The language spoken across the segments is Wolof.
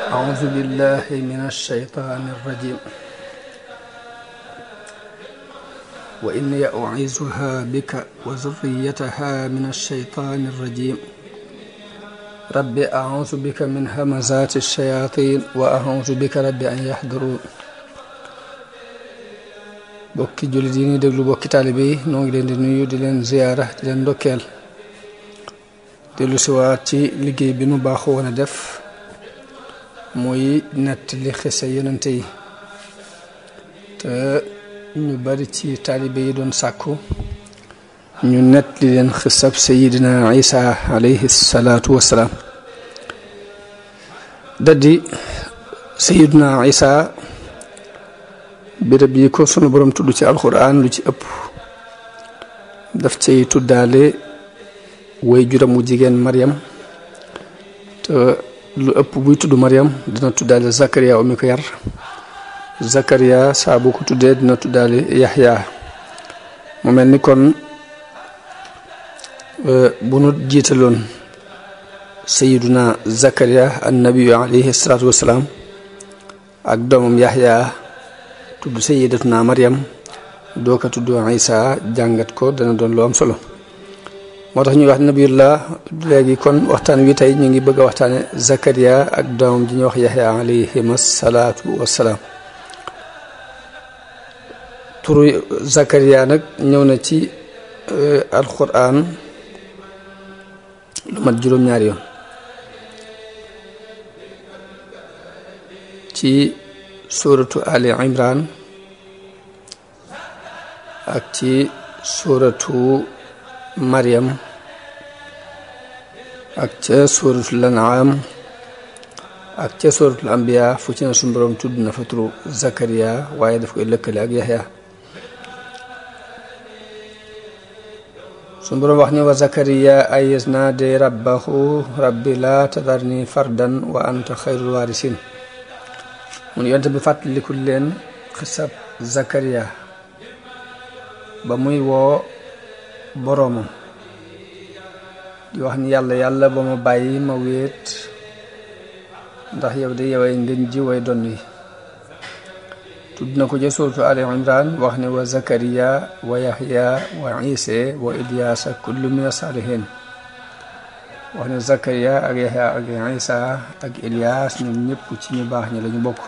أعوذ بالله من الشيطان الرجيم وإني أعيذها بك وذريتها من الشيطان الرجيم رب أعوذ بك من همزات الشياطين وأعوذ بك رب أن يحضرون بوكي جولديني دغلو بوكي طالبي نوغي لين دي نويو زياره دي دوكيل دي سواتي ليغي بي باخو وانا muy nett li xisa yonente yi te ñu bari ci taalibe yi doon sàkku ñu nett li leen xisab sayidina isa alayhi salaatu wassalaam daddi sayidina isa béréb yi ko sunu boroom tudd ci alxuraan lu ci ëpp def cay tuddaale way juram jigéen Maryam te lu ëpp buy tudd Mariam dina tuddaale Zakaria mi ko yar Zakaria saa ko tuddee dina tuddaale Yaxya mu mel ni kon e, bu nu jiitaloon sayiduna Zakaria annabiyu alayhi salaatu wasalaam ak doomam Yaxya tudd sayidatuna Mariam doo ko tudd Isa jàngat ko dana doon lu am solo. moo tax ñuy wax nabiyullah léegi kon waxtaan wi tey ñu ngi bëgg a waxtaane Zakaria ak doomam ji ñuy wax Yaxya alayhim salaatu wassalaam turu Zakaria nag ñëw na ci euh, alquran lu mat juróom-ñaari yoon ci suuratu Ali Imran ak ci suuratu Maryam ak ca suratul An'am ak ca suratul Anbiya fu ci ne suñu borom tudd na fa Zakariya waaye daf koy lëkkale ak Yaxya suñu borom wax ni wa Zakariya ayis naa de rabbahu rabbi laa tadarni fardan wa anta xayrul waarisiin mun yonte bi fàttalikul leen xisab Zakariya ba muy woo boroomam di wax ni yàlla yàlla ba ma bàyyi ma wéet ndax yow de yoway ngeen ji way donn tudd na ko ca suuratu ali imran wax ne wa zakariya wa yaxya wa ise wa ilyasa kullu min saalihin wax ne zakariya ak yaxya ak isa ak ilyas ñoom ñëpp ci ñu baax ñi lañu bokk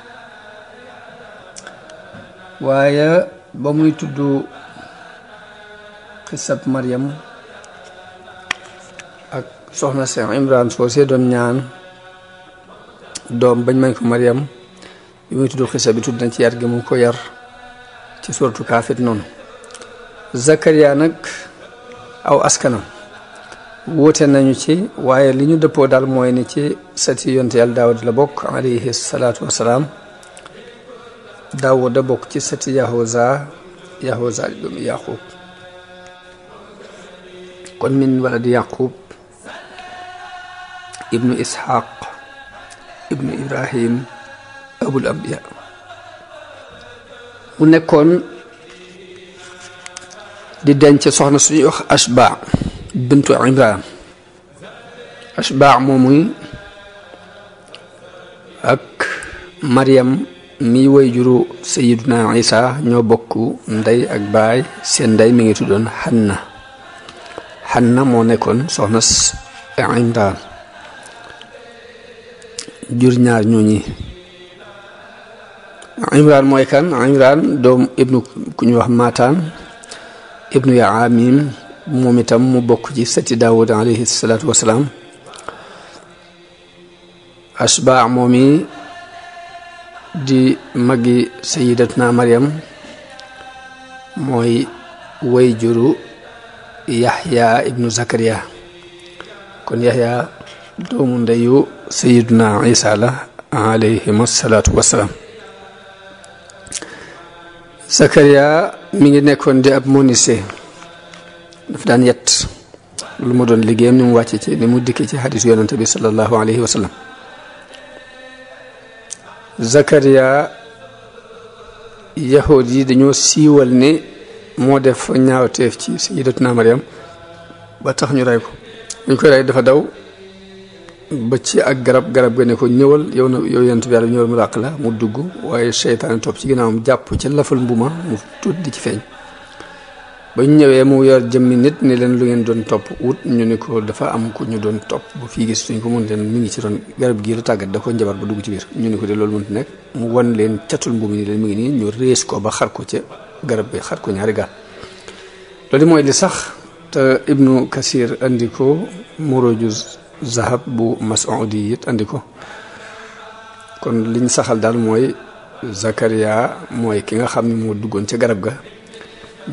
waaye ba muy tudd xisab Maryam ak soxna Seex soo Soose doon ñaan doom bañ mañ ko Maryam bi muy tudd xisab bi tudd na ci yar gi mu ko yar ci suratu kaafir noonu Zakariya nag aw askanam wuute nañu ci waaye li ñu dëppoo daal mooy ni ci sati yonte yàlla daawud la bokk alayhi salaatu wasalaam daawud da bokk ci sati yahoza yahoza doom yaqub kon min walad yaqub ibnu isxaq ibnu ibrahim abul ambiya mu nekkoon di denc soxna suñuy wax ashba bintu imran ashba moomuy ak mariam mi woy juru sayiduna isa ñoo bokk ndey ak baay seen ndey mi ngi tuddoon xanna Xanna moo nekkoon soxnas Imraan jur ñaar ñooñi Imraan mooy kan Imraan doom ibnu ku wax Mataan ibnu Yaamim moom itam mu bokk ci sëti Daawud alayhi salaatu wasalaam asbaa moom di maggi sayidatuna Maryam mooy way juru yaxya ibnu zakariya kon yaxya doomu ndeyu sayiduna isa la alayhim asalaatu wasalaam zakariya mi ngi nekkoon di ab monise daf daan lu mu doon liggéeyam ni mu wàcce ci ni mu dikke ci xadiis yonante bi sallallahu alayhi wa sallam zakariya yahood yi dañoo siiwal ne mo def ñaawteef ci sayyidatuna Maryam ba tax ñu ray ko ñu koy ray dafa daw ba ci ak garab garab ga ne ko ñëwal yow na yow yent bi yàlla ñëwal mu làkk la mu dugg waaye seytaane topp ci ginnaawam jàpp ci lafal mbuma mu tuut di ci feeñ ba ñu ñëwee mu yor jëmmi nit ne leen lu ngeen doon topp wut ñu ne ko dafa am ku ñu doon topp bu fii gis suñ ko mën leen mi ngi ci doon garab gii lu tàggat da ko njabar ba dugg ci biir ñu ne ko de loolu mënut nekk mu wan leen catul mbuum ni leen mi ngi nii ñu rees ko ba xar ko ca garab bi xar ko ñaari gaal loolu mooy li sax te ibnu kasir andi ko muruju zahab bu mason it andi ko kon liñ saxal daal mooy Zakaria mooy ki nga xam ni moo duggoon ca garab ga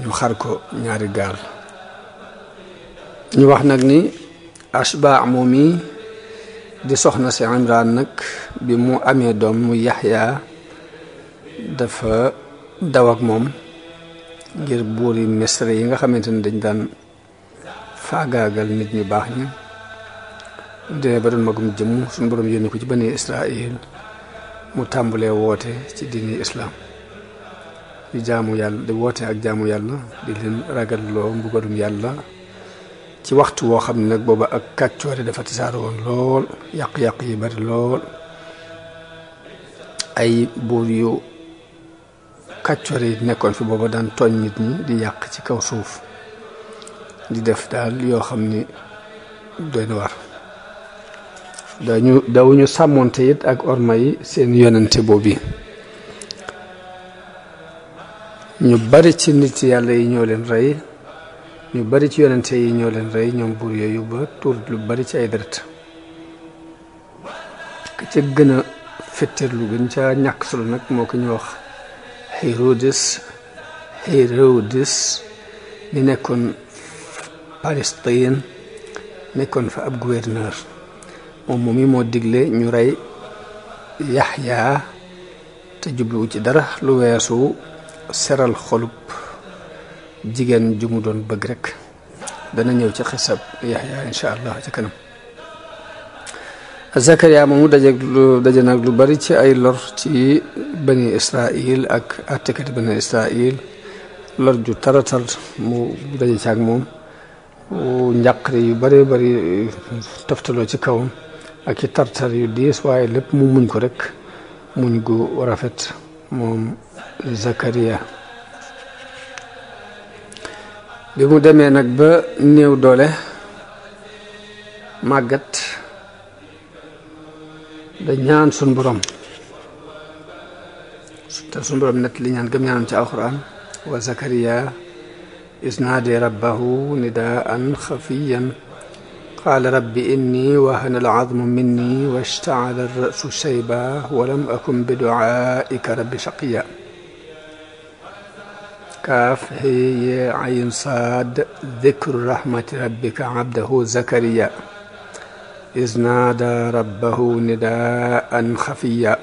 ñu xar ko ñaari gaal ñu wax nag ni ashba moom yi di soxna si Imraan nag bi mu amee doom mu Yaxya dafa daw ak moom ngir yi misra yi nga xamante ne dañ daan faagaagal nit ñu baax ñi dee ba doon magum jëm suñu borom yónni ko ci bani israil mu tàmbalee woote ci diini islaam di jaamu yàlla di woote ak jaamu yàlla di leen ragalloo mbugalum yàlla ci waxtu woo xam ne nag booba ak kàccoore dafa tisaaroo woon lool yàq-yàq yi bari lool ay buur yu kàccoor yi nekkoon fi booba daan tooñ nit ñi di yàq ci kaw suuf di def daal yoo xam ni doy na war dañu dawuñu sàmmoonte it ak orma yi seen yonente boobu ñu bari ci nit yàlla yi ñoo leen rey ñu bari ci yonente yi ñoo leen rey ñoom buur yooyu ba tuur lu bari ci ay deret ka ca gën lu gën ca ñàkk solo nag moo ko ñu wax هيرودس هيرودس لنكن فلسطين نكن في أب جويرنر ومومي موديك لي نوري يحيى تجيب لو جدر لو ياسو سر الخلوب جيجن جمودون بغرك دانا نيو تي حساب يحيى ان شاء الله تكنم Zakaria mu dajeeg lu daje nag lu bari ci ay lor ci bani Israil ak àttekat bani Israil lor ju taratal mu daje ci ak moom njàqare yu bari bari toftaloo ci kaw ak ci tartar yu diis waaye lépp mu muñ ko rek muñ gu rafet moom Zakaria bi mu demee nag ba néew doole màggat dañ ñaan suñ borom te suñ borom nett li ñaan gëm ñaanam ci alquran wa zakariya isnaadi rabbahu nidaan xafiyan قال رب إني وهن العظم مني واشتعل الرأس شيبا ولم أكن بدعائك رب شقيا كاف هي عين صاد ذكر رحمة ربك عبده زكريا إذ نادى ربه نداء خفيا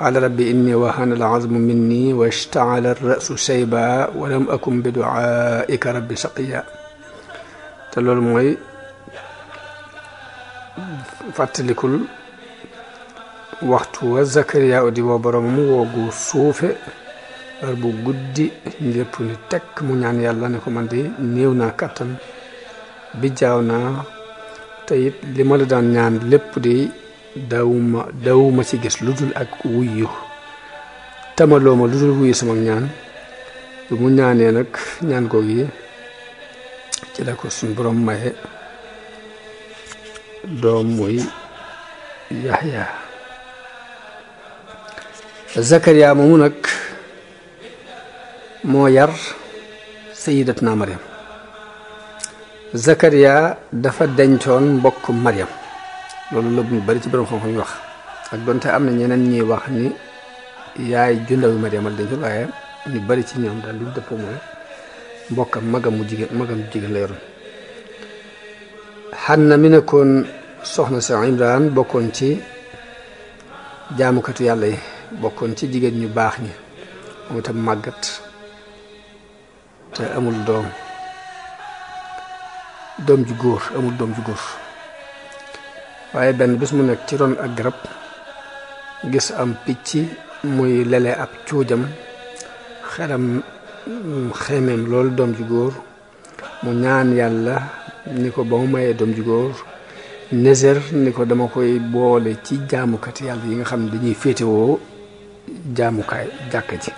قال رب إني وهن العظم مني واشتعل الرأس شيبا ولم أكن بدعائك رب شقيا تلو المي فاتلكل وقت وزكريا ودي وبرمو وقو صوف رب قدي نيبوني تك من يعني الله نكمان دي نيونا كتن بجاونا te it li ma la lépp di daawuma daawuma ci gis lu dul ak wuyu tamaloo ma lu dul wuyu sama ñaan bu mu ñaanee nag ñaan ko gi ci la ko suñ borom maye doom muy Yaxya Zakariya moomu nag moo yar Sayyidatna Maryam Zakaria dafa dencoon mbokk Mariam loolu la ñu bari ci borom xam-xam ñu wax ak donte am na ñeneen ñuy wax ni yaay ju ndawi Mariam la dencoon waaye ñu bari ci ñoom daal li ñu dëppoo mbokkam magam mu jigéen magam mu jigéen la yoroon Xanna mi nekkoon soxna sa Imraan bokkoon ci jaamukatu yàlla yi bokkoon ci jigéen ñu baax ñi moom itam màggat te amul doom. doom ju góor amul doom ju góor waye ben bis mu nek ci ron ak garab gis am picci muy lele ab ciujam xelam xemem lol dom ju gor mu ñaan yàlla niko ko ba mu mayee doom ju gor nezer niko dama koy boole ci jaamukat yàlla yi nga xam ne dañuy féetewoo jaamukaay jàkka ji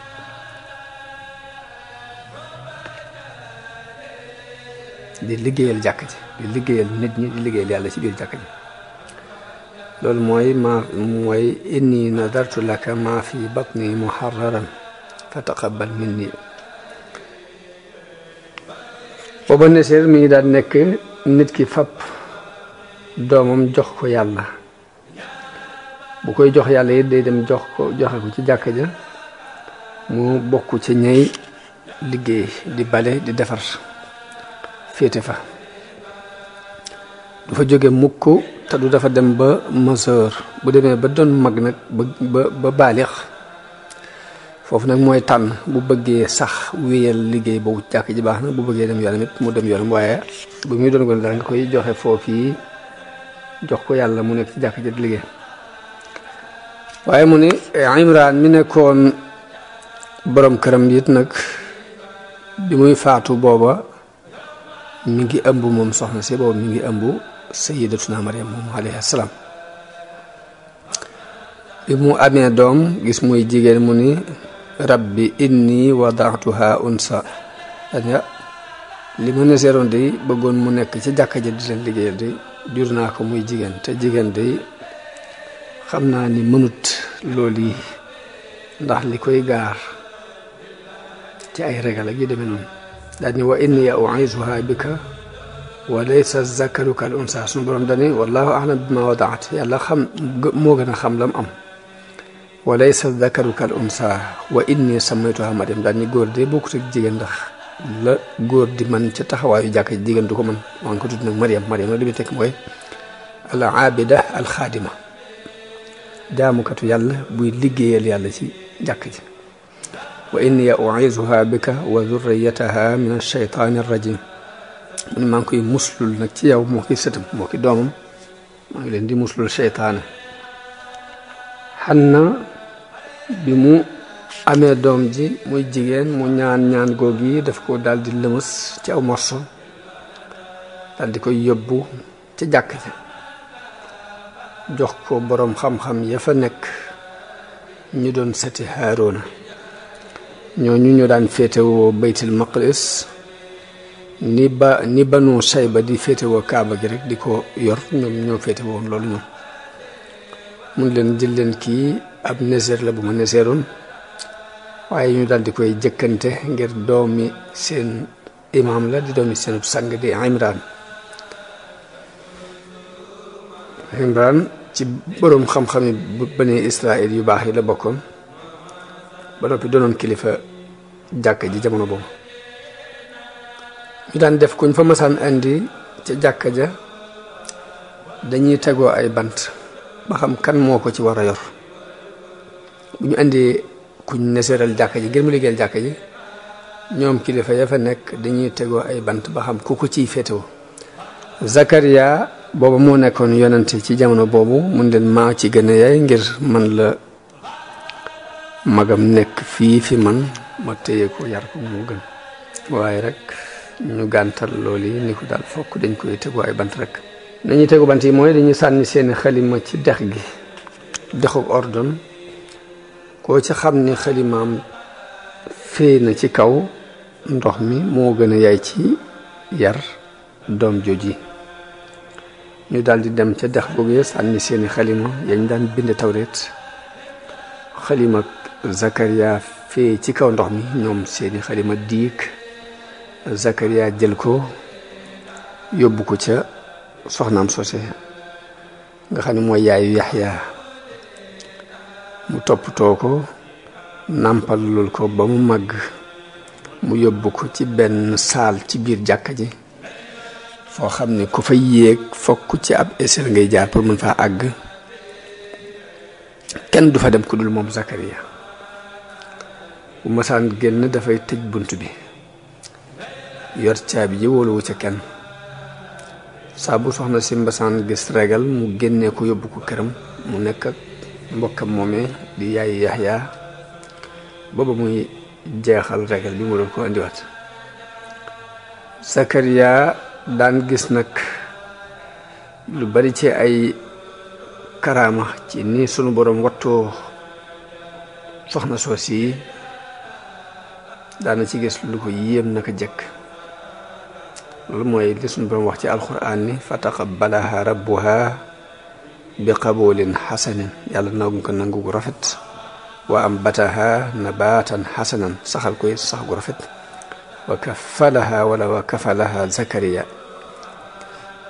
di liggéeyal jàkk ji di liggéeyal nit ñi di liggéeyal yàlla ci biir jàkk ji loolu mooy ma mooy inni nadartu laka ma fi batni muharraran fa taqabbal minni booba neseer mi ngi daan nekk nit ki fab doomam jox ko yàlla bu koy jox yàlla it day dem jox ko joxe ko ci jàkk ja mu bokk ci ñey liggéey di bale di defar féete fa du fa jóge mukk te du dafa dem ba majeur bu demee ba doon mag nag ba ba baalix foofu nag mooy tànn bu bëggee sax wéyal liggéey boobu jàkk ji baax na bu bëggee dem yoonam it mu dem yoonam waaye bu muy doon gone daal nga koy joxe foofii jox ko yàlla mu nekk ci jàkk ji liggéey waaye mu ne Imraan mi nekkoon borom këram it nag bi muy faatu booba mi ngi ëmb moom soxna si boobu mi ngi ëmb sayyidatuna Maryam moom alayhi salaam bi mu amee doom gis muy jigéen mu ni bi inni wadaatuha unsa li ma ne seeroon day bëggoon mu nekk ci jàkka ja di leen liggéeyal day jur naa ko muy jigéen te jigéen day xam naa ni mënut loolu yi ndax li koy gaar ci ay regal ak yu demee noonu لأني وإني أعيزها بك وليس الذكر كالأنثى سنبرم دني والله أعلم بما وضعت يلا خم موغنا خم لم أم وليس الذكر كالأنثى وإني سميتها مريم دني غوردي بوكت جيجن دخ لا غوردي من تتخوا في جاك جيجن دوكو من وانكو تدن مريم مريم لا بيتك موي العابدة الخادمة دامو كتو يلا بوي لغيال يلا سي جاك جيجن wa inni u'izuha bika wa dhurriyataha min ash-shaytani ar mu ne maa ngi koy muslul nag ci yow moo ki sëtam moo ki doomam ngi leen di muslul seytaane xanna bi mu amee doom ji muy jigéen mu ñaan ñaan googu daf ko daldi di lëmës ci aw morso daal di koy yóbbu ci jàkk jox ko boroom xam-xam ya fa nekk ñu doon seti Haaruna ñu ñoo daan féetewoo baytul maqdis ni ba ni banu sayba di féetewoo kaaba gi rek di ko yor ñoom ñoo féetewoon loolu ñoom mun leen jël leen kii ab neseer la bu ma neseeroon waaye ñu daal di koy jëkkante ngir doomi seen imaam la di doomi seen sang di imran imran ci boroom xam-xami bani israil yu baax yi la bokkoon ba noppi doonoon kilifa jàkk ji jamono boobu ñu daan def kuñ fa masaan indi ca jàkk ja dañuy tegoo ay bant ba xam kan moo ko ci war a yor bu ñu indi kuñ ne séeral ji ngir mu liggéeyal jàkk ji ñoom kilifa ya fa nekk dañuy tegoo ay bant ba xam ku ko ciy féetewoo Zakaria booba moo nekkoon yonent ci jamono boobu mun leen maa ci gën a yaay ngir man la magam nekk fii fi man ma téye ko yar ko moo gën waaye rek ñu gàntal loolu yi ni ko daal fokk dañ koy tegu ay bant rek nañuy tegu bant yi mooy dañuy sànni seeni xalima ci dex gi dexuk ordon koo ci xam ni xalimaam fee na ci kaw ndox mi moo gën a yaay ci yar doom jooji ñu daal di dem ca dex googee sànni seeni xalima yañ daan bind tawreet xalima Zakaria fee ci kaw ndox mi ñoom seeni xalima diig Zakaria jël ko yóbbu ko ca soxnaam sose nga xam ne mooy yaayu Yaxya mu toppatoo ko nàmpalul ko ba mu màgg mu yóbbu ko ci benn saal ci biir jàkk ji foo xam ne ku fa yéeg fokk ci ab échelle ngay jaar pour mën faa àgg kenn du fa dem ku dul moom Zakaria bu masaan génn dafay tëj bunt bi yor caabi ji wóoluwu ca kenn saa bu soxna si mbasaan gis regal mu génnee ko yóbbu ko këram mu nekk ak mbokkam moomee di yaay yaxya booba muy jeexal regal bi mu doon ko indiwaat Sakariya daan gis nag lu bari ci ay karaama ci ni sunu boroom wattoo soxna soos yi daana ci gis lu ko yéem naka jekk loolu mooy li suñu borom wax ci alxuraan ni fa taqabbalaha rabbuha bi qabuulin xasanin yàlla nangu ko nangu gu rafet wa ambataha nabaatan xasanan saxal koy sax gu rafet wa kafalaha wala wa kafalaha zakariya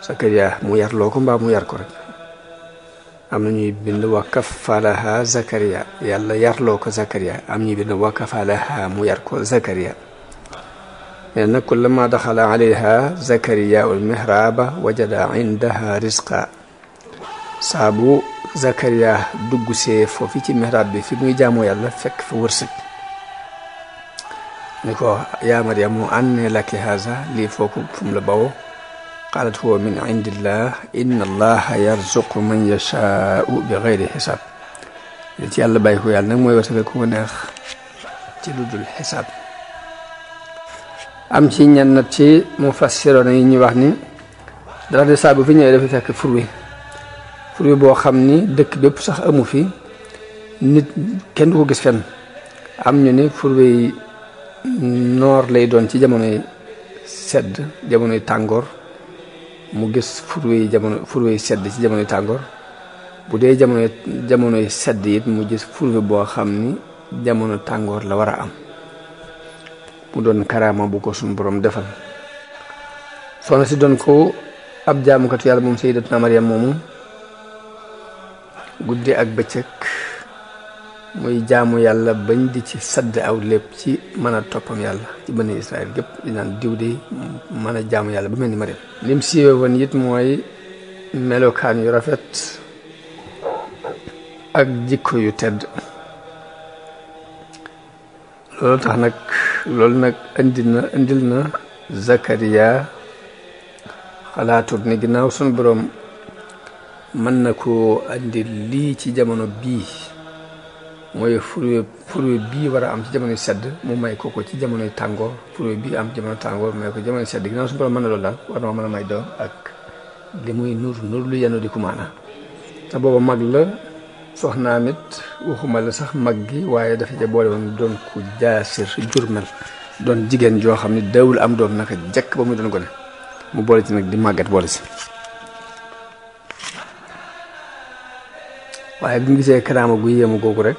zakariya mu yar loo ko mbaa mu yar ko rek أمني بن وكف لها زكريا يلا يرلوك زكريا أمني بن وكف لها ميركو زكريا لأن يعني كلما دخل عليها زكريا المهرابة وجد عندها رزقا صابو زكريا دق سيف وفي تي مهرابي في ميجامو يلا فك في ورسك نكو يا مريم أني لك هذا لي فوق فم لباو قالت هو من عند الله إن الله يرزق من يشاء بغير حساب قالت يالله بايكو يالنا موي وسبكو ناخ تلود الحساب أمشي نياناتي مفسر نيني وحني دراد الساب في نيالي في تاك فروي فروي بو خمني دك بيب سخ أمو في نت كندو هو جسفن أم نيني فروي نور لي دون تي جامو ني سد جامو ني تانغور mu gis furwe yi jamono furwe yi sedd ci jamonoy tàngoor bu dee jamono jamonoy sedd it mu gis furwe boo xam ni jamono tàngoor la war a am mu doon karaama bu ko suñu borom defal soxna si doon ko ab jaamukatu yàlla moom sayyidatuna Maryam moomu guddi ak bëccëg muy jaamu yàlla bañ di ci sadd aw lépp ci mën a toppam yàlla ci bani Israël gépp di diw de mën a jaamu yàlla ba mel ni ma lim siiwee woon yit mooy melokaan yu rafet ak jikko yu tedd loolu tax nag loolu nag indil na indil na Zakariya xalaatut ni ginnaaw sun boroom mën na ko indi lii ci jamono bii mooy fure fure bii war a am ci jamonoy sedd mu may ko ko ci jamonoy tàngoor fure bii am jamono tàngoor may ko jamonoy sedd ginnaaw suñu borom mën na loolu daal war na mën a may doom ak li muy nur nur lu yenn di kumaana te booba mag la soxnaam it waxuma la sax mag gi waaye dafa ca boole woon doon ku jaasir jurmel doon jigéen joo xam ne dawul am doom naka jekk ba muy doon gone mu boole ci nag di màggat boole si waaye bi mu gisee karaama gu yéemu googu rek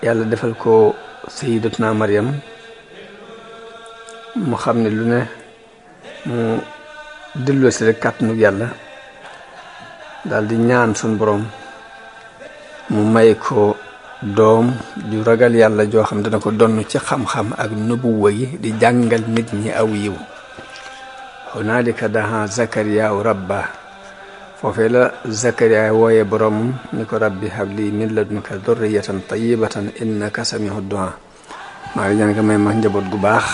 yàlla defal ko sayidatuna Maryam mu xam ne lu ne mu delloo si rek kàttanu yàlla daal di ñaan suñ boroom mu may ko doom ju ragal yàlla joo xam dana ko donn ci xam-xam ak nubuwa yi di jàngal nit ñi aw yiw hunaalika daa Zakariyaaw rabba foofee la Zakariya wooye borom ni ko rabbi habli min ladunka durriyatan tayyibatan innaka samihu du'a maa ngi ñaan nga may ma njaboot gu baax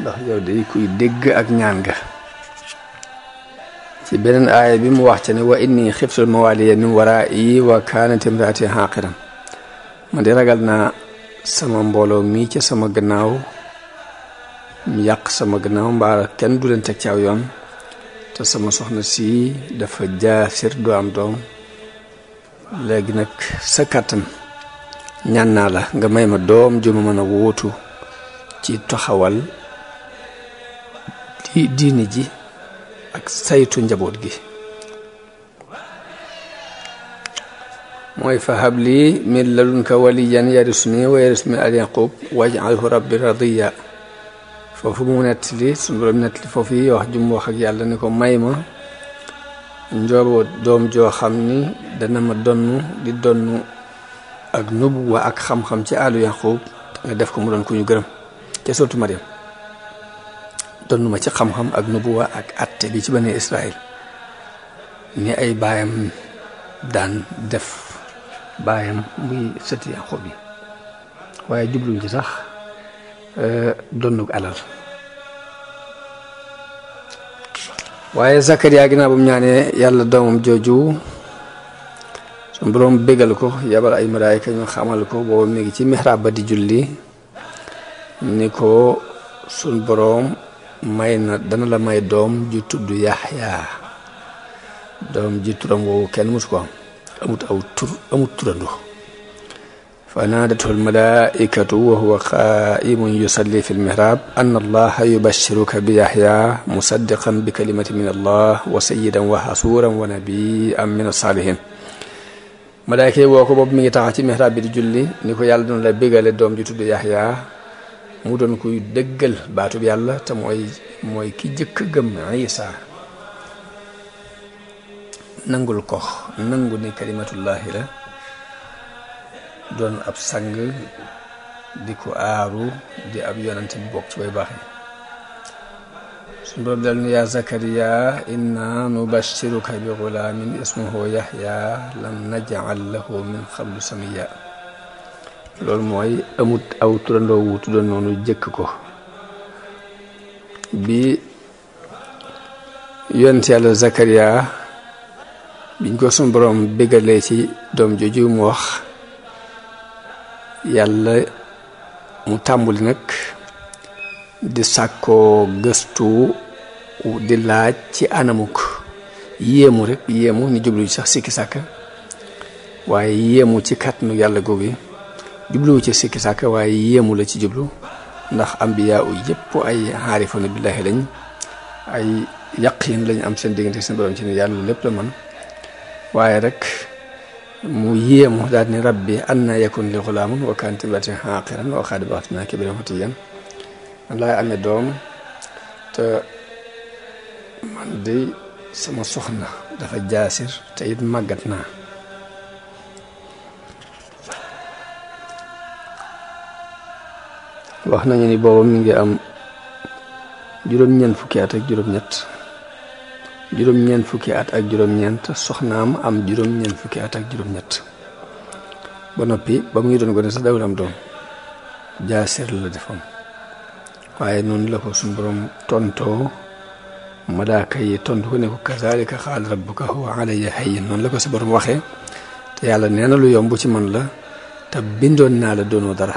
ndax yow day kuy dégg ak ñaan ga ci beneen aaya bi mu wax ca ne wa inni xiftul mawaliya min waraa'i wa kaanat imraati haaqiran ma di ragal naa sama mbooloo mii ca sama gannaaw mu yàq sama gannaaw mbaa kenn du leen teg ci aw yoon sama soxna si dafa jaasir du am doom léegi nag sa kàttan ñaan naa la nga may ma doom ju ma mën a wóotu ci taxawal di diini ji ak saytu njaboot gi mooy fa habli min ladunka waliyan yarisuni wa yaris min al yaqub waj'alhu rabbi radiya foofu mu nett li suñu borom nett li foofu yi wax jum ak yàlla ni ko may ma njooboo doom joo xam ni dana ma donn di donn ak nubuwa ak xam-xam ci àllu yaqub nga def ko mu doon ku ñu gërëm ca surtu Mariam donn ma ci xam-xam ak nubuwa ak atte bi ci bani Israël ni ay baayam daan def baayam muy sëti yaqub yi waaye jubluñ ci sax donnug alal waaye Zakariya ginnaaw bu mu ñaanee yàlla doomam jooju suñu boroom bégal ko yabal ay malaayka ñu xamal ko booba mu ngi ci mihraab ba di julli ni ko suñ boroom may na dana la may doom ju tudd Yaxya doom ji turam woowu kenn mosu ko am amut aw tur amut turando fa naadatu almalaaikatu wa huwa qaaimun fi lmihraab anna allaha yubashiruka bi yaxya musaddiqan bi kalimati min allah wa sayyidan wa hasuuran wa nabiyan min asaalihin malaayka yi woo ko boobu mi ngi taxaw ci mihraab bi di julli ni ko yàlla doon la bégale doom ji tudd yaxya mu doon kuy dëggal baatub yàlla te mooy mooy ki jëkk gëm isa nangul ko nangu ni kalimatullahi la doon ab sang di ko aaru di ab yonent bi bokk ci way baax yi suñu borom dal ni yaa zakariya inna nubashiruka bi gulaamin ismuhu yahya lam naj'al lahu min qablu samiya loolu mooy amut aw turandoo wu tuddoon noonu jëkk ko bi yonent yàlla zakariya biñ ko suñu borom bégalee ci doom jooju mu wax yàlla mu tàmbuli nag di sàkkoo gëstu di laaj ci anamuk yéemu rek yéemu ni jublu sax sikki sàkk waaye yéemu ci kàttanu yàlla googu jubluwu ci sikki sàkk waaye yéemu la ci jublu ndax ambiyaa u yëpp ay xaarifoona billaahi lañ ay yaqiin lañ am seen diggante seen borom ci ne yàlla lépp la man waaye rek mu yéemu daal ni rabbi anna yakun li xulaamun wa kaanat imraati aaqiran wa qad ba'athtu min kabiirin fatiyyan man laay amee doom te man de sama soxna dafa jaasir te it màggat naa wax nañu ni booba mi ngi am juróom-ñeent fukki at juróom-ñett juróom-ñeent fukki at ak juróom-ñeent soxnaam am juróom-ñeent fukki at ak juróom-ñett ba noppi ba muy doon gone sax dawul am doom jaasir la defoon waaye noonu la ko suñu borom tontoo malaaka yi tontu ko ne ko kazalika xaal rabbuka huwa alayya hayyin noonu la ko si borom waxee te yàlla nee na lu yomb ci man la te bindoon naa la doonoo dara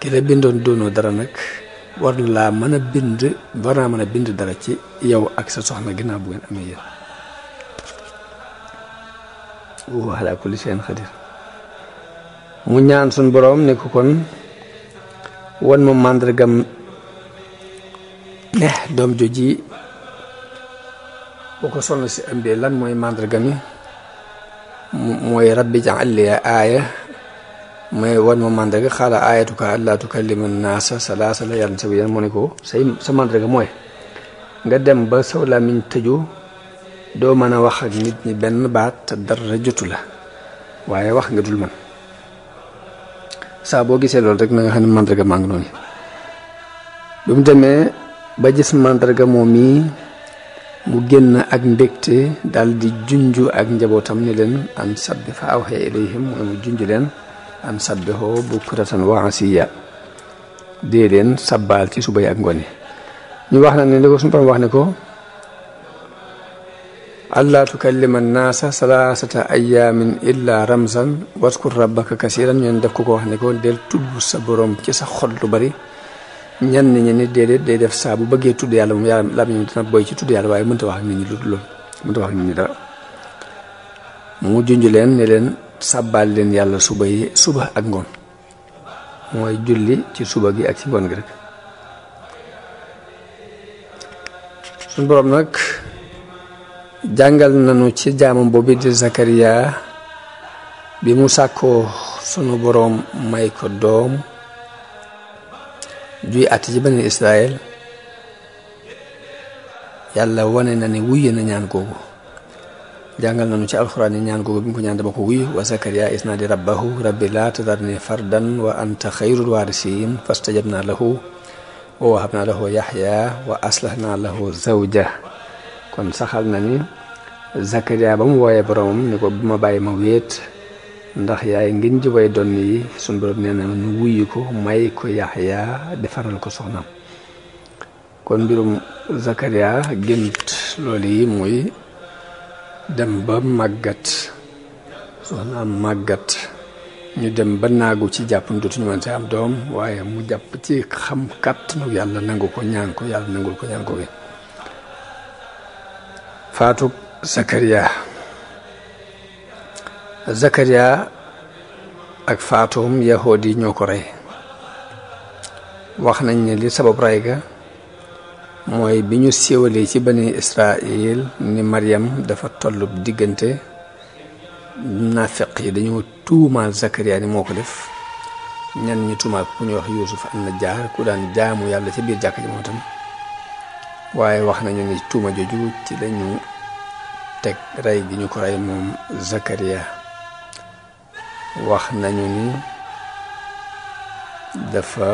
ki la bindoon doonoo dara nag war laa mën a bind war naa mën a bind dara ci yow ak sa soxna ginnaaw bu ngeen amee yéen wala kulli seen xadir mu ñaan suñ boroom ne kon wan ma màndargam ne doom joji boo ko sonn si ambee lan mooy màndargam yi mooy rabbi jaal li aaya may wan mo mande ga khala ayatu ka la tukallimun nas salasa la yalla sabiya moniko say sa mandé ga moy nga dem ba sawla min tejo do mana wax ak nit ni ben bat ta dara jotula waye wax nga dul man sa bo gisé lol rek nga xane mandé ga mang non bu mu ba gis mandé ga momi mu genn ak dal di junju ak njabotam ni len an sabbi fa awhay ilayhim mu junju len an sabbihoo bukratan wa asiya dee leen sabbaal ci suba yi ak ngone ñu wax na ne li ko suñu wax ne ko allaa tukallima annaasa salaasata ayaamin illa ramzan waskur rabbaka kasiran ñu ne def ko ko wax ne ko del tudd sa borom ci sa xol lu bari ñenn ñi ni déedéet day def saabu bu bëggee tudd yàlla moom yàlla lam ñu dana boy ci tudd yàlla waaye mënta wax ak nit ñi lu dul loolu mënta wax mu junj leen ne leen sàbbaal leen yàlla suba yi suba ak ngoon mooy julli ci suba gi ak ci ngoon gi rek suñ boroom nag jàngal nañu ci jaamam boobu di Zakariya bi mu sàkkoo sunu boroom may ko doom juy àtt ci bani Israël yàlla wane na ni wuye na ñaan kooku jàngal nañu ci alxuraan yi ñaan googu bi nga ko ñaan dama ko wuyu wa zakariya isnaadi rabbahu rabbi laa tadarni fardan wa anta xayrul waarisiin fastajabna lahu wa wahabna lahu yaxya wa aslahna lahu zawja kon saxal na ni zakariya ba mu wooyee boromam ni ko bu ma bàyyi ma wéet ndax yaay ngeen ji way doon suñ borom nee nu wuyu ko may ko yaxya defaral ko soxnaam kon mbirum zakariya gént loolu yi mooy dem ba màggat maanaam màggat ñu dem ba naagu ci jàpp dootuñu mën see am doom waaye mu jàpp ci xam kàttanu yàlla nangu ko ñaan yàlla nangul ko ñaan ko bi faatu Zakariya Zakariya ak faatoom yahood di ñoo ko rey wax nañ ne li sabab rey ga mooy bi ñu siiwalee ci bani Israil ni Maryam dafa tollu diggante naafiq yi dañoo tuumaal Zakariya ni moo ko def ñan ñi tuumaal ku ñu wax Yuusuf am na jaar ku daan jaamu yàlla ci biir jàkk ji moo tam waaye wax nañu ni tuuma joju ci lañu teg rey gi ñu ko rey moom Zakariya wax nañu ni dafa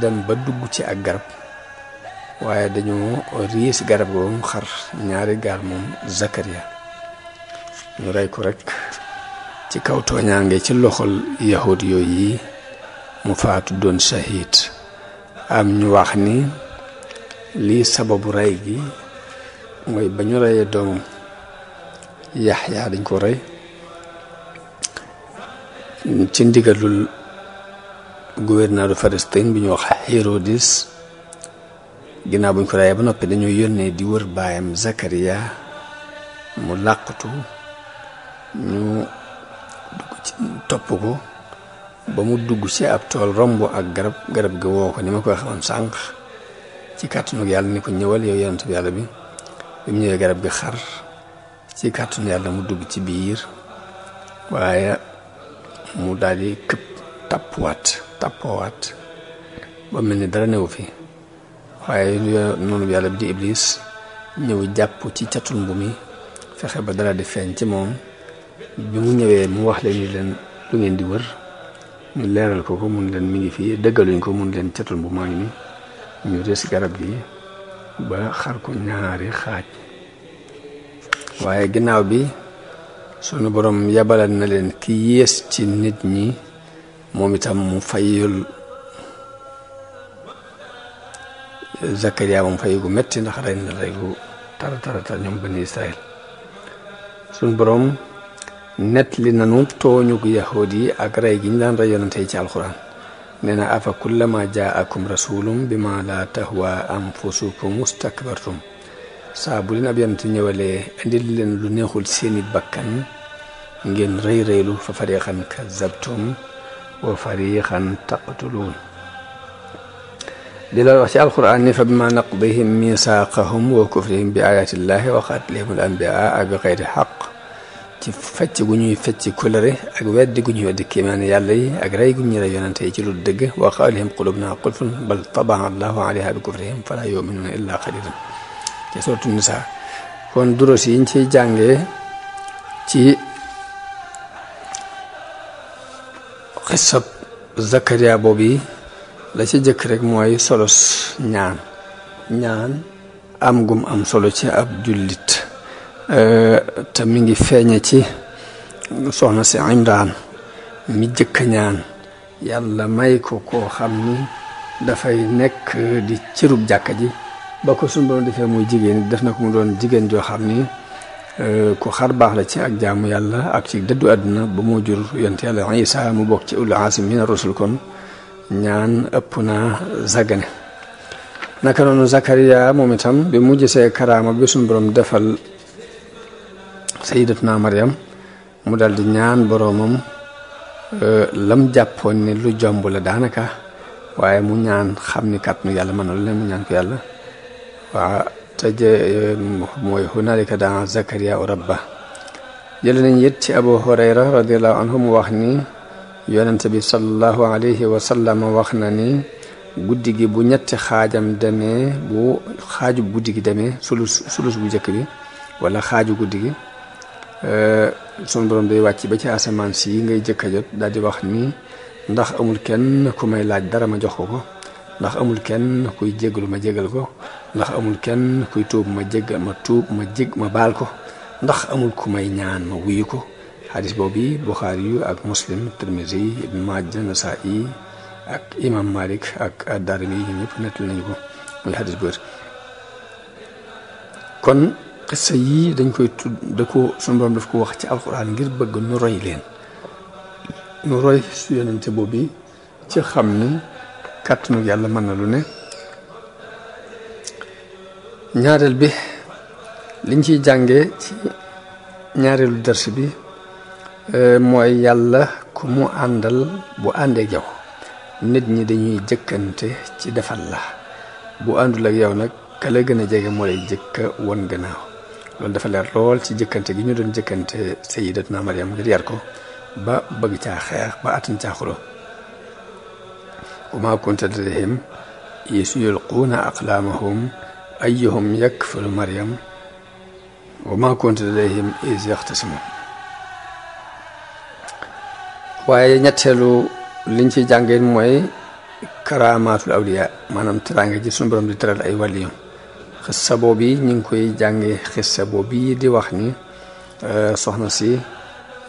dem ba dugg ci ak garab waaye dañoo riis garab ga ba mu xar ñaari gaal moom Zakaria ñu rey ko rek ci kaw tooñaange ci loxol yahud yooyu yi mu faatu doon shahid am ñu wax ni lii sababu rey gi mooy ba ñu reyee doomam Yaxya dañ ko rey ci ndigalul gouverneur de bi ñu wax Hérodis ginnaaw buñ ko rayee ba noppi dañoo yónnee di wër baayam Zakaria mu làqatu ñu topp ko ba mu dugg ci ab tool romb ak garab garab gi woo ko ni ma koy xamam sànq ci kàttanu yàlla ni ko ñëwal yow yonent bi yàlla bi bi mu ñëwee garab gi xar ci kàttanu yàlla mu dugg ci biir waaye mu daal di këpp tàppuwaat tàppoowaat ba mel ni dara newu fi waaye noonu yàlla bi di iblis ñëw jàpp ci catul mbu mi fexe ba dara di feeñ ci moom bi mu ñëwee mu wax leen leen lu ngeen di wër ñu leeral ko ko mun leen mi ngi fii dëggaluñ ko mun leen catul mbu maa ngi ni ñu des garab gi ba xar ko ñaari xaaj waaye ginnaaw bi sunu borom yabalal na leen ki yées ci nit ñi moom itam mu fayul Zakaria moom fay gu metti ndax rey tara tara tar ñoom bani Israël suñ borom net li nanu tooñu gu yahuud yi ak rey gi ñu daan rey yonante yi ci alxuraan nee na afa kullama jaakum rasulum bi ma la anfusukum mustakbartum saa bu leen ab yonante ñëwalee indil leen lu neexul seeni bakkan ngeen rëy rëylu fa fariqan kazabtum wa fariqan taqtuluun di la wax ci alquran ni fa bima naqdihim misaaqahum wa kufrihim bi ayatillahi wa qatlihim al anbiyaa bi xayri xaq ci fecc gu ñuy fecc kulëre ak weddi gu ñuy weddi kéemaan yàlla yi ak rey gu rey yonante yi ci lu dëgg wa qawlihim qulubna qulfun bal tabaa allahu alayha bi kufrihim fala yuminuuna illa qalilan ci suratu nisa kon duros yiñ ciy jàngee ci xisab zakariya boobu la ci jëkk rek mooy solos ñaan ñaan am gum am solo ci ab jullit eh, te mu ngi feeñe ci soxna si Imraan mi jëkk ñaan yàlla may ko koo xam ni dafay nekk di cërub jàkka ji ba ko suñu doon defee muy jigéen def na ko mu doon jigéen joo xam ni eh, ku xar baax la ci ak jaamu yàlla ak ci dëddu àdduna ba moo jur yonent yàlla Isaa mu bokk ci ulul azmi mina rusul kon nyaan appunaa zagane nakanonu zakariyaa momitam bi mu gisee karaama bi suñ borom defal sayidatuna mariam mu daldi ñaan boroomam lam jàppoon ni lu jomb la daanaka waaye mu ñaan xam ni kat nu yàlla mën na mu ñaan ko yàlla waa te mooy hunaalika daa zakariyaa rabba jël nañ yit ci abu hurayra radiallahu anhu mu wax ni yonent bi sallallahu alayhi wa sallam wax na ni guddi gi bu ñetti xaajam demee bu xaaju guddi gi demee sulus sulus bu njëkk bi wala xaaju guddi gi euh, sunu borom day wàcc ba ci asamaan si ngay jëkk a jot daal di wax ni ndax amul kenn ku may laaj dara ma jox ko ko ndax amul kenn kuy jéggalu ma jéggal ko ndax amul kenn kuy tuub ma jéggal ma tuub ma jég ma baal ko ndax amul ku may ñaan ma wuyu ko xadis boobu buxaari ak muslim tirmisi ibn maajah ak imam malik ak addarimi ñu ñëpp nettali nañu ko muy xadis bu kon xissa yii dañ koy tudd da ko sunu borom daf ko wax ci alquran ngir bëgg nu roy leen nu roy su yonente boobu ci xam ni kàttanu yàlla mën na lu ne ñaareel bi liñ ciy jànge ci ñaareelu dars bi mooy yàlla ku mu àndal bu àndee yow nit ñi dañuy jëkkante ci defal la bu àndul ak yow nag ka la gën a jege moo lay jëkka won gannaaw loolu dafa leer lool ci jëkkante gi ñu doon jëkkante sayidatna Mariam ngir yar ko ba bëgg caa xeex ba attan caa xuloo wa ma kunta ladayhim is yulquuna aqlaamahum ayyuhum yakfulu Mariam wa ma kunta ladayhim is yaxtasimoon waaye ñetteelu liñ ci jàngeen mooy karaamaatul awliya maanaam teraanga ji suñu borom di teral ay wàlliyam xissa boobu yi ñu ngi koy jàngee xissa boobu yi di wax ni euh, soxna si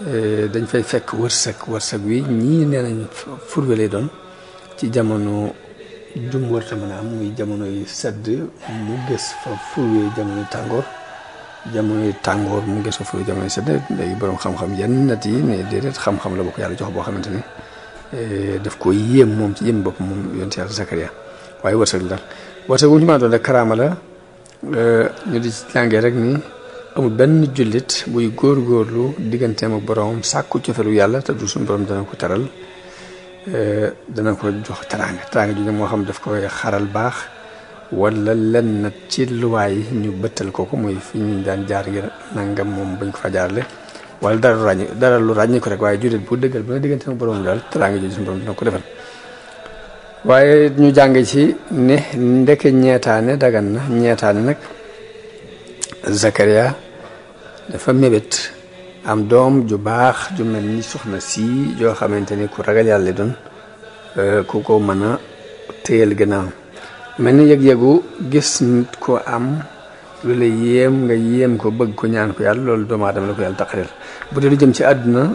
euh, dañ fay fekk wërsëg wërsëg wi ñii nee nañ furwe lay doon ci jamono jum wërta mën a am muy jamono yi sedd mu gës fa furwe jamono tàngoor jamonoy tàngoor mu ngi suuf jamono sedd léegi borom xam-xam yenn nat yi ne déedéet xam-xam la boo ko yàlla jox boo xamante ne daf ko yéem moom ci yéem bopp moom yonte yàlla Zakaria waaye wërsëg la wërsëg bu ñu maa doon rek karaama la ñu di ci jàngee rek ni amul benn jullit buy góorgóorlu digganteem ak boromam sàkku cofelu yàlla te du suñu borom dana ko taral dana ko jox teraanga teraanga ju ne moo xam daf koy xaral baax wala lenn ci luwaay yi ñu bëttal ko ko muy fi ñu daan jaar ngir nangam moom bañ ko fa jaarle wala dara lu ràññi dara lu ràññ ko rek waaye jullit bu dëggal bu nga diggante sama borom daal teraanga jooju sama borom dina ko defal waaye ñu jàng ci ne ndeke ñeetaane dagan na ñeetaane nag Zakaria dafa mébét am doom ju baax ju mel ni soxna sii joo xamante ni ku ragal yàlla doon ku ko mën a téyel gannaaw mel na yëg-yëgu gis nit ko am lu la yéem nga yéem ko bëgg ko ñaan ko yàlla loolu doomu aadama la ko yàlla taqarir bu dee lu jëm ci àdduna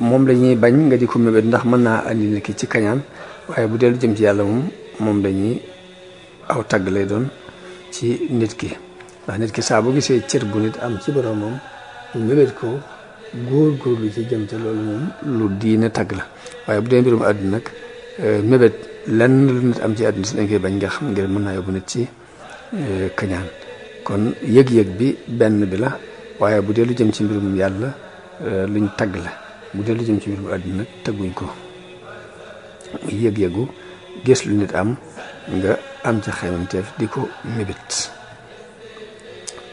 moom la bañ nga di ko mébét ndax mën naa andi ki ci kañaan waaye bu dee lu jëm ci yàlla moom moom la aw tagg lay doon ci nit ki nit ki saa bu gisee cër bu am ci boromam mébét ko góor ci jëm ca loolu moom lu diine tagg la waaye bu dee mbirum àdduna nag euh, mébét lenn lu nit am ci àdduna si dañ koy bañ nga xam ngir mën naa yóbbu nit ci euh, kañaan kon yëg-yëg bi benn bi la waaye bu dee lu jëm ci mbirum yàlla euh, luñ tagg la bu dee lu jëm ci mbirum àdduna tagguñ ko muy yëg-yëgu gis lu nit am nga am ci xaymanteef di ko mébét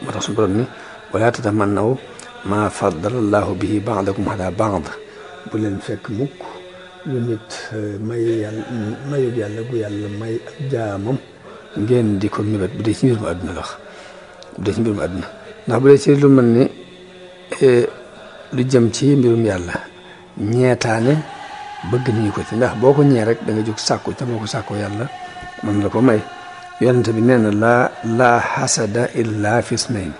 moo tax suñu borom ni wala tatamannaw ma faddala allahu bihi baadakum ala baad bu leen fekk mukk yu nit eh, may yàlla mayub yàlla gu yàlla may ak jaamam ngeen di ko mébét bu dee ci mbirum àdduna ndax bu dee ci mbirum àdduna ndax bu dee ci lu mel ni eh, lu jëm ci mbirum yàlla ñeetaane bëgg nañu ko ci ndax boo ko ñee rek da nga sàkku te boo ko sàkku yàlla mën la ko may yonent bi nee la laa laa xasada illa fi snayn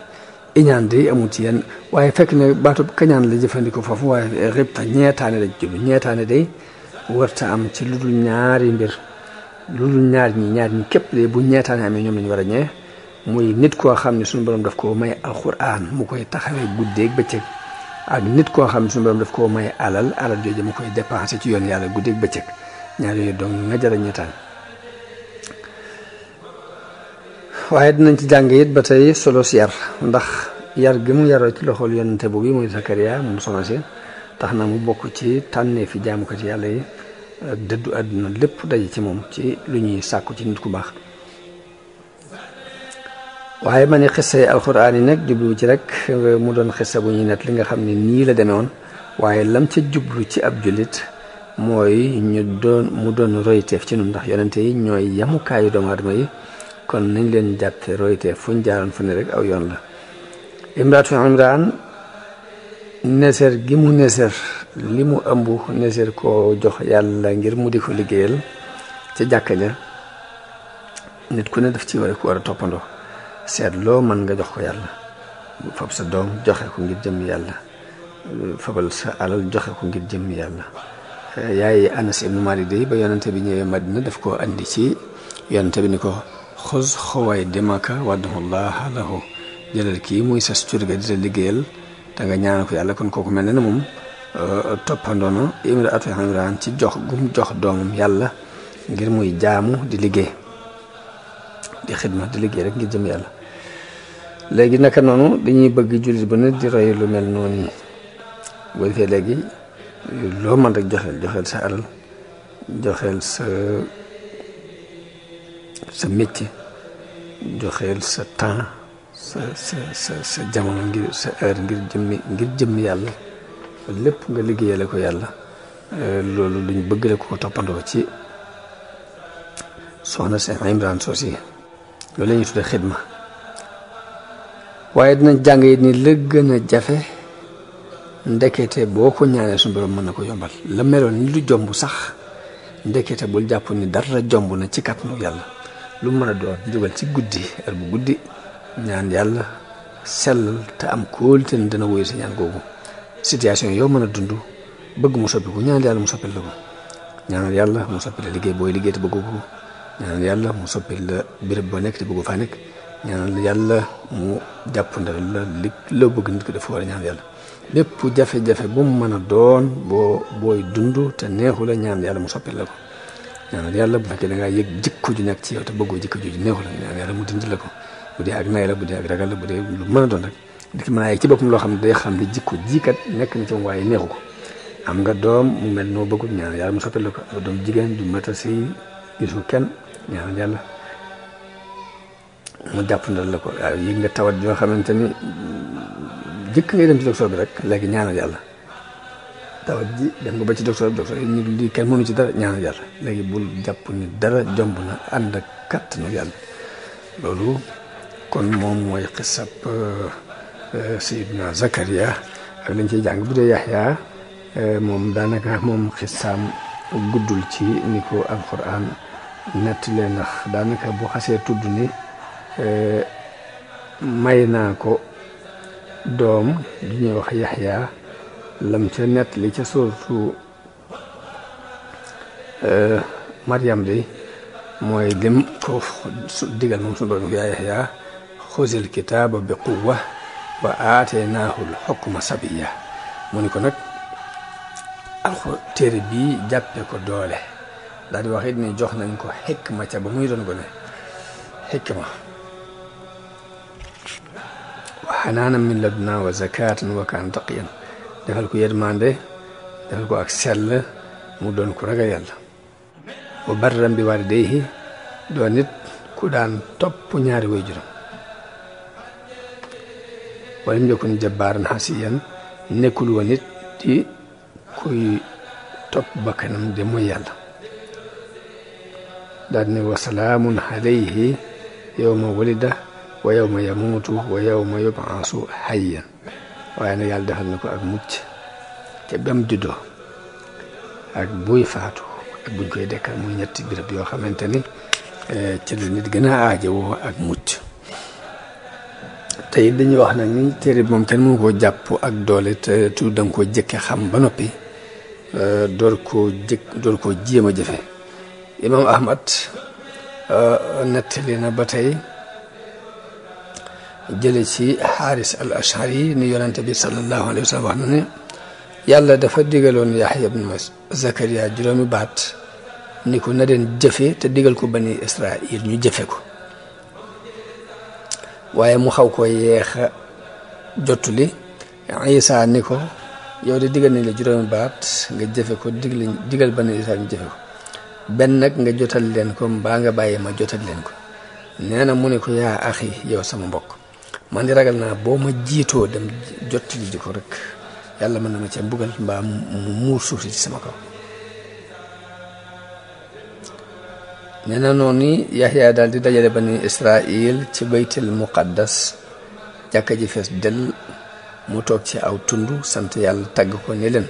iñaan day amul ci yenn waaye fekk ne baatub kañaan la jëfandikoo foofu waaye rëb ta ñeetaane la jublu de warta am ci lu dul ñaari mbir lu dul ñaar ñi ñaar ñi képp de bu ñeetaane amee ñoom lañu war a ñee muy nit koo xam ne suñu borom daf koo may alxuraan mu koy taxawee guddeeg bëccëg ak nit koo xam ne suñu borom daf koo may alal alal jooju mu koy dépensé ci yoon yàlla guddeeg bëccëg ñaar yooyu donc nga jar a ñeetaan waaye dinañ ci jàng it ba tey solo yar ndax yar gi mu yaroo ci loxol yonente boobu muy Sakariya mu soxna si tax na mu bokk ci tànnee fi ci yàlla yi ak euh, dëddu àdduna lépp daje ci moom ci lu ñuy sàkku ci nit ku baax waaye ma ne xissay alxuraan yi nag jublu ci rek euh, mu doon xissa bu ñu net li nga xam ne nii la demee woon waaye lam ca jublu ci ab jullit mooy ñu doon mu doon royteef ci nu ndax yonente yi ñooy yamukaayu doomu adama yi kon nañ leen jàppe royteef fu ñu jaaroon fu ne rek aw yoon la imraatu imraan neser gi mu neser li mu ëmb neser koo jox yàlla ngir mu di ko liggéeyal ca jàkka ja nit ku ne daf ci war ko war a toppandoo seet loo mën nga jox ko yàlla fab sa doom joxe ko ngir jëm yàlla fabal sa alal joxe ko ngir jëm yaay Anas ibnu Maalik day ba yonante bi ñëwee Madina daf ko andi ci yonante bi ni ko xos xawaay demaka waddahu llaah lahu jëlal kii muy sas curga di la liggéeyal te nga ñaanal yàlla kon kooku mel na ne moom euh, toppandoo na Imra atu Imraan ci jox gum jox doomam yàlla ngir muy jaamu di liggéey di xidma di liggéey rek ngir jëm yàlla léegi naka noonu dañuy bëgg jullit ba ne di roy lu mel noonu yi léegi loo mën rek joxeel joxeel sa alal joxeel sa sa joxeel sa temps sa sa sa sa jamono ngir sa heure ngir jëmmi ngir jëmmi yàlla lépp nga liggéeyale ko yàlla euh, loolu luñ bëgg la ko toppandoo ci soxna si Imran Soosi loolu la ñuy tuddee xidma waaye dinañ jàng yi ni la gën a jafe ndekete boo ko ñaanee suñu borom mën na ko yombal la meloon ni lu jomb sax ndekete bul jàpp ni dara jomb na ci kàttanu yàlla lu mën a doon jógal ci guddi heure bu guddi ñaan yàlla sell te am kóolute ne dana woy sa ñaan googu situation yow mën a dund bëgg mu soppi ko ñaan yàlla mu soppil la ko ñaanal yàlla mu soppi liggéey booy liggéey te bëgg ko ñaanal yàlla mu soppi la béréb boo nekk te bëgg faa nekk ñaanal yàlla mu jàpp ndaw la li la bëgg nit ko def war ñaan yàlla lépp jafe-jafe bu mu mën a doon boo booy dund te neexu la ñaan yàlla mu soppil la ko ñaanal yàlla bu fekkee da ngaa yëg jikko ju nekk ci yow te bëggoo jikko ju neexu la ñaan yàlla mu dindi la ko bu dee ak nay la bu dee ak ragal la bu dee lu mën a doon rek nit ki mën ci boppam loo xam day xam jikko jikat nekk na ci waaye neexu ko am nga doom mu mel noo bëggu ñaan yàlla mu soppil ko nga doom jigéen du mata si gisu kenn ñaan yàlla mu jàpp ndal la ko waaw yëg nga tawat yoo xamante ni jëkk ngay dem ci docteur bi rek léegi ñaanal yàlla tawat ji dem nga ba ci docteur bi yi ñu kenn mënu ci dara ñaanal yàlla léegi bul jàpp ni dara jomb na ànd ak kàttanu yàlla loolu kon moom mooy xisab euh, euh, Seydina Zakaria ak lañ ciy jàng bu dee euh, moom daanaka moom xisaam guddul ci ni ko alquran nett leen ndax daanaka bu xasee tudd ni may naa ko doom di ñuy wax Yaxya lam ca nett li ca sóortu Mariam day mooy lim ko digal moom suñu doon yaa Yaxya xusil kitaaba bi quwwa wa aateenaahu lxukma sabiya mu ni ko nag alxu téere bii jàppe ko doole daal di wax ni jox nañ ko xikma ca ba muy doon ko ne ma wa xanaanan min ladunaa wa zakatan wa kaan taqiyan defal ko yërmande defal ko ak sell mu doon ku ragal yàlla wa barran bi waalidayhi doon it ku daan topp ñaari waajuram walam yakun jabbaaran hasiyan nekkul woon it di kuy topp bakkanam de mooy yàlla daal ne wa salaamun alayhi walida wa yowma yamuutu wa yowma yubaasu hayyan waaye nag yàlla defal na ko ak mucc te bam juddoo ak buy faatu ak buñ koy dekkal muy ñetti birab yoo xamante ni eh, ci la nit gën a aajowoo ak mucc tay dañuy wax nak ni téré mom tan moko jàpp ak doole te tu dang ko jëkke xam ba nopi euh dor ko jëk dor ko a jëfe imam ahmad nettali na ba tey jële ci xaaris al ashari ni yonente bi sallallahu alayhi wa sallam yàlla dafa digaloon yaxya ibn zakariya juróomi baat ni ko na den jëfe te digal ko bani israil ñu jëfe ko waaye mu xaw ko yeex a jottuli Isa ni ko yow de digal nañ la juróomi baat nga jëfe ko digle digal ba Israel ñu jëfe ko benn nag nga jotal leen ko mbaa nga bàyyi ma jotal leen ko nee na mu ne ko yaa axi yow sama mbokk man di ragal naa boo ma jiitoo dem jottali ji ko rek yàlla mën na ma ca mbugal mbaa mu muur suuf si ci sama kaw nee na noonu yaxyaa daal di dajale ba bani israil ci baytil muqaddas jàkka ji fees dell mu toog ci aw tund sant yàlla tagg ko ne leen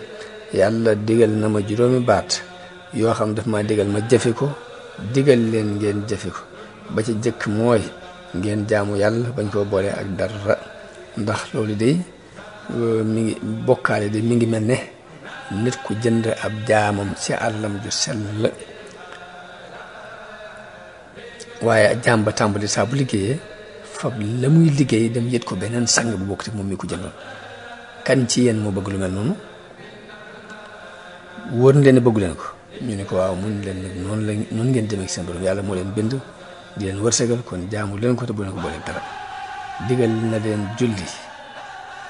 yàlla digal na ma juróomi baat yoo xam daf maa digal ma jëfe ko digal leen ngeen jëfe ko ba ci jëkk mooy ngeen jaamu yàlla bañ koo boole ak dara ndax loolu day euh, mi ngi bokkaale di mi ngi mel ne nit ku jënd ab jaamam ci àllam ju sell waaye jaam ba tàmbali saa bu liggéeyee fab la muy liggéey dem yët ko beneen sang bu bokk te moom mi ko jëndoon kan ci yéen moo bëgg lu mel noonu wóor na leen bëggu leen ko ñu ne ko waaw mun leen nag noonu la noonu ngeen demee seen yàlla moo leen bind di leen wërsëgal kon leen ko te bu leen ko booleeg dara digal na leen julli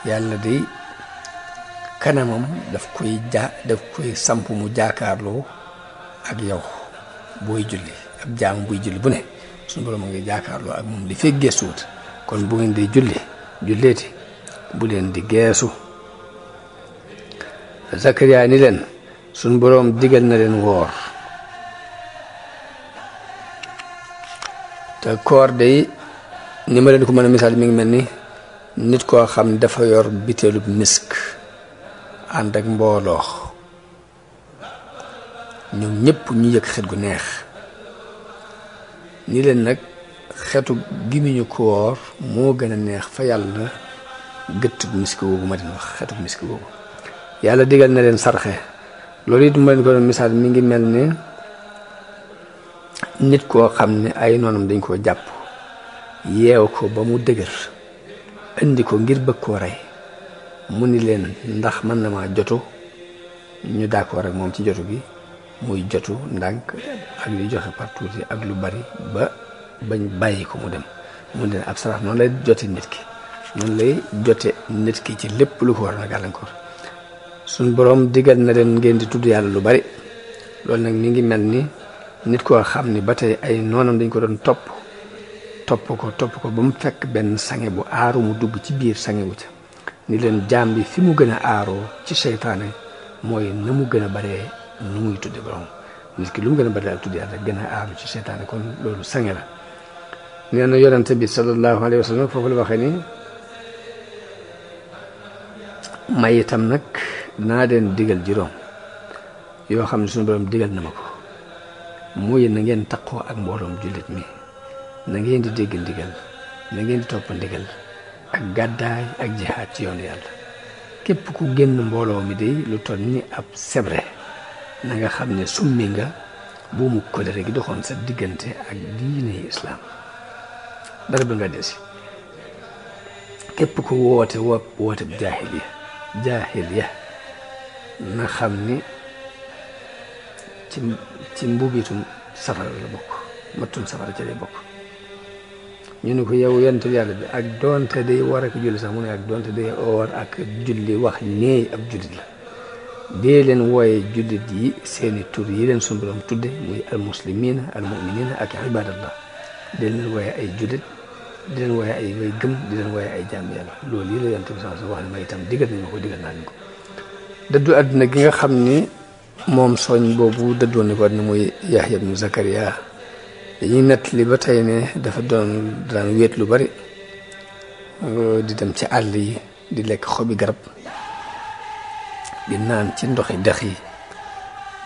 yàlla day kanamam daf koy ja daf koy samp mu jaakaarloo ak yow booy julli ab jaamu buy julli bu ne suñu borom ngi jàkkaarloo ak moom li fekk geesuwut kon bu ngeen di julli julleeti bu leen di geesu Zakariya ni leen suñu borom digal na leen woor te koor day ni ma leen ko mën a misaal mi ngi mel ni nit koo xam dafa yor biteelub misk ànd ak mbooloo ñoom ñëpp ñu yëg xet gu neex ni leen nag xetu gimiñu koor moo gën a neex fa yàlla gëttug misk googu ma leen wax xetu misk googu yàlla digal na leen sarxe loolu it ma leen ko doon misaal mi ngi mel ni nit koo xam ne ay noonam dañ koo jàpp yeew ko ba mu dëgër indi ko ngir bëgg koo rey mu ni leen ndax mën na maa jotu ñu d'accord rek moom ci jotu bi muy jotu ndànk ak li joxe partout yi ak lu bari ba bañ bàyyi ko mu dem mu ne ab sarax noonu lay jote nit ki noonu lay jote nit ki ci lépp lu ko war na gàllankoor suñ borom digal na leen ngeen di tudd yàlla lu bari loolu nag mi ngi mel ni nit koo xam ni ba tey ay noonam dañ ko doon topp topp ko topp ko ba mu fekk benn sange bu aaru mu dugg ci biir sange wu ca ni leen jaam fi mu gën a aaroo ci seytaane mooy na mu gën a baree nu muy tudde borom nit ki lu mu gën a bari daal tudde yàlla gën a aaru ci seytaane kon loolu sange la nee na yonente bi sallallahu alayhi wa sallam foofu la waxee ni may itam nag naa leen digal juróom yoo xam ne suñu borom digal na ma ko mooy na ngeen taqoo ak mbooloom jullit mi na ngeen di dégg ndigal na ngeen di topp ndigal ak gàddaay ak jihaad yoonu yàlla képp ku génn mbooloo mi day lu toll ni ab sebre na nga xam ne summi nga buumu kolere gi doxoon sa diggante ak diine islaam dara du nga desi képp ku woote woote jaahiliya jaahiliya na xam ni ci ci mbubitum safara la bokk mattum safara ca lay bokk ñu ne ko yow yonent yàlla bi ak doonte day war ak julli sax mu ne ak doonte day oor ak julli wax nee ab jullit la dee leen wooye jullit yi seeni tur yi leen sunu borom tudde muy almuslimina almuminina ak ibadallah dee leen wooye ay jullit di leen wooye ay gëm di leen wooye ay jaam yàlla loolu yi la yonent bi sallallahu alayhi wasallam wax ne ma itam digal nañ ma ko digal naa ko dëddu àdduna gi nga xam ni moom soñ boobu dëddoon ni ko àdduna muy Yahya ibnu Zakariya dañuy nettali ba tey ne dafa doon daan wéet lu bari di dem ci àll yi di lekk xobi garab di naan ci ndoxi dex yi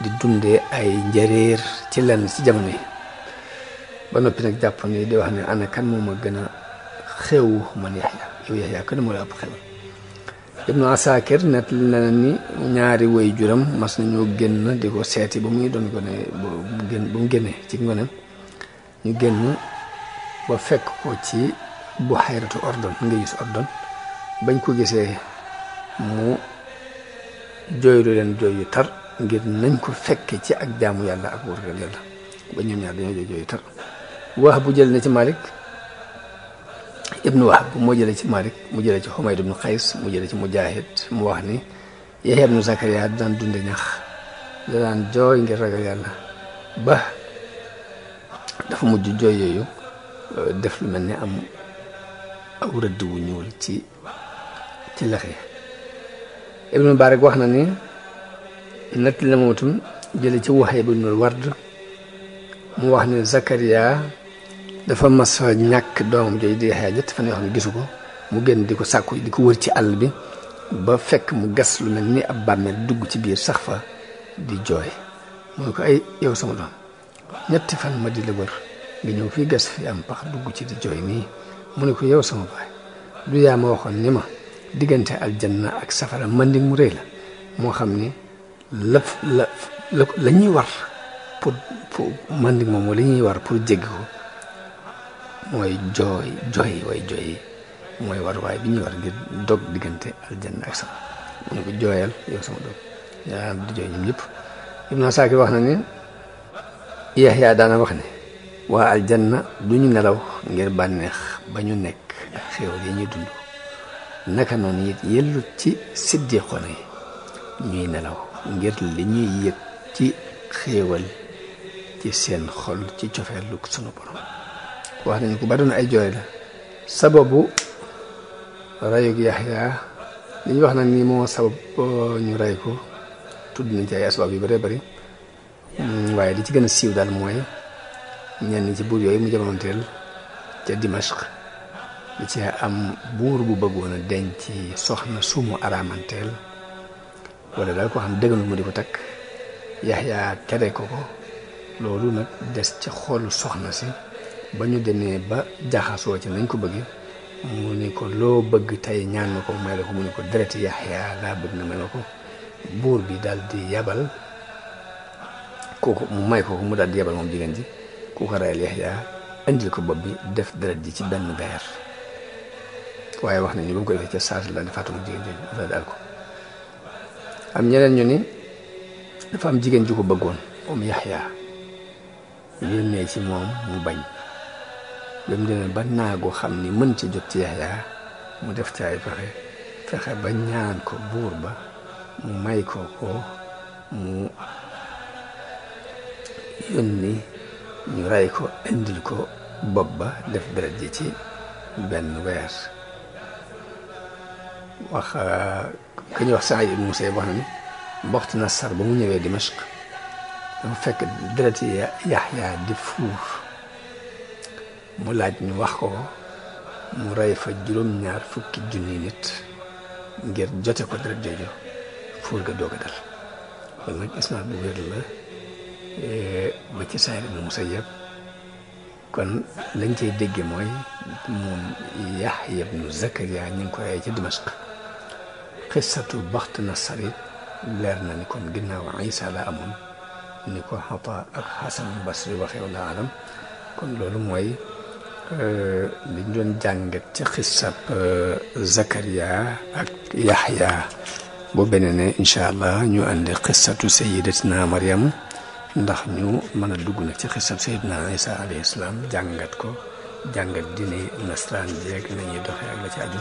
di dundee ay njëreer ci lenn ci jamono yi ba noppi nag jàpp ne di wax ne ana kan moom a gën a xew man yaxya yow yaxya kan moo la ëpp xew ibnu asakir net na ni ñaari woy juram mas nañoo génn di ko seeti ba muy doon gone ba mu génnee ci ngoneem ñu génn ba fekk ko ci bu xayratu ordon nga gis ordon bañ ko gisee mu jooylu leen jooy yu tar ngir nañ ko fekke ci ak jaamu yàlla ak wërgal yàlla ba ñoom ñaar dañoo jooy jooy yu tar wahab bu jël na ci Malik ibnu wahab moo jële ci Malik mu jële ci Humayd ibnu Qays mu jële ci Mujahid mu wax ni Yahya ibnu Zakariya daan dunde ñax da daan jooy ngir ragal yàlla ba dafa mujj jooy yooyu def lu mel ni am aw rëdd wu ñuul ci ci laxe ibnu Barak wax na ni nett la mootum jële ci waxee bu nul ward mu wax ne Zakaria dafa mas ñàkk doomam jooju di Yaxya ñett fan yoo xam ne gisu ko mu gën di ko sàkku di ko wër ci àll bi ba fekk mu gas lu mel ni ab bàmmeel dugg ci biir sax fa di jooy mooy ko ay yow sama doom ñetti fan ma di la wër nga ñëw fii gas fi am pax dugg ci di jooy nii mu ne ko yow sama baay du yaa ma waxoon ni ma diggante aljanna ak safara manding mu rëy la moo xam ni la la la ñuy war pour pour moom la ñuy war pour jéggi ko mooy jooy mooy war waay bi ñuy war ngir dog diggante aljanna ak safara mu ko jooyal yow sama doom yaa di wax na ni Yaxya daana wax ne waa aljanna du ñu nelaw ngir bànneex ba ñu nekk ak xéewal yi ñuy dund naka noonu it yellut ci siddiqoona yi ñuy nelaw ngir li ñuy yëg ci xéewal ci seen xol ci cofeelu sunu borom wax nañu ko ba doon ay jooy sababu rayug Yaxya li ñu wax nag ni moo sabab ñu ray ko tudd nañ ci ay asbaab yu bare bëri waaye li ci gën a siiw dal mooy ñenn ci buur yooyu mu jamonoteel ca Dimashq da cee am buur bu bëggoona a ci soxna sumu aramanteel wala daal koo xam dëgganul mu di ko takk Yaxya tere ko ko loolu nag des ci xool soxna si ba ñu demee ba jaxasoo ci nañ ko bëgg mu ni ko loo bëgg tey ñaan ma ko may la ko mu ni ko dereti Yaxya na may ma ko buur bi daal di yabal kooku mu may kooku mu daal di yabal moom jigéen ji ku ko rayal Yaxya indil ko bopp bi def deret ji ci benn beer waaye wax nañu ba mu ko defee ca la dafa atum jigéen jooju ñeneen ñu ni dafa am jigéen ju ko bëggoon moom yaxyaa yónnee ci moom mu bañ ba mu demee ba naagu xam ni mën ci jot ci yaxyaa mu def ci ay fexe ba ñaan ko buur ba mu may ko ko mu ni ñu rey ko indil ko bopp ba def beret ji ci benn weer واخا كني واخ سعيد بن موسى يبهنني بخت نصر بمو نيوي دمشق فك درتي يحيى دفوف مولاد نوخو مو راي فا جروم نيار فك جوني نيت غير جوتي كو درت جوجو فور غا دوغا دال ولا اسما بو غير لا إيه، ما تي سعيد بن موسى ياب كون لنجي ديغي موي موم يحيى بن زكريا نينكو راي دمشق قصة البخت نصري leer na ni kon ginnaaw Isa la amoon ni ko Xata ak Xasan Basri waxee wala alam kon loolu mooy liñ doon jàngat ci xisab Zakaria ak Yaxya bu benene incha allah ñu àndi xisatu sayidatina Mariam ndax ñu mën a dugg nag ci xisab sayidina Isa alayhi salaam jàngat ko jàngat dini nasraan jeeg nañuy doxee ak la ci aju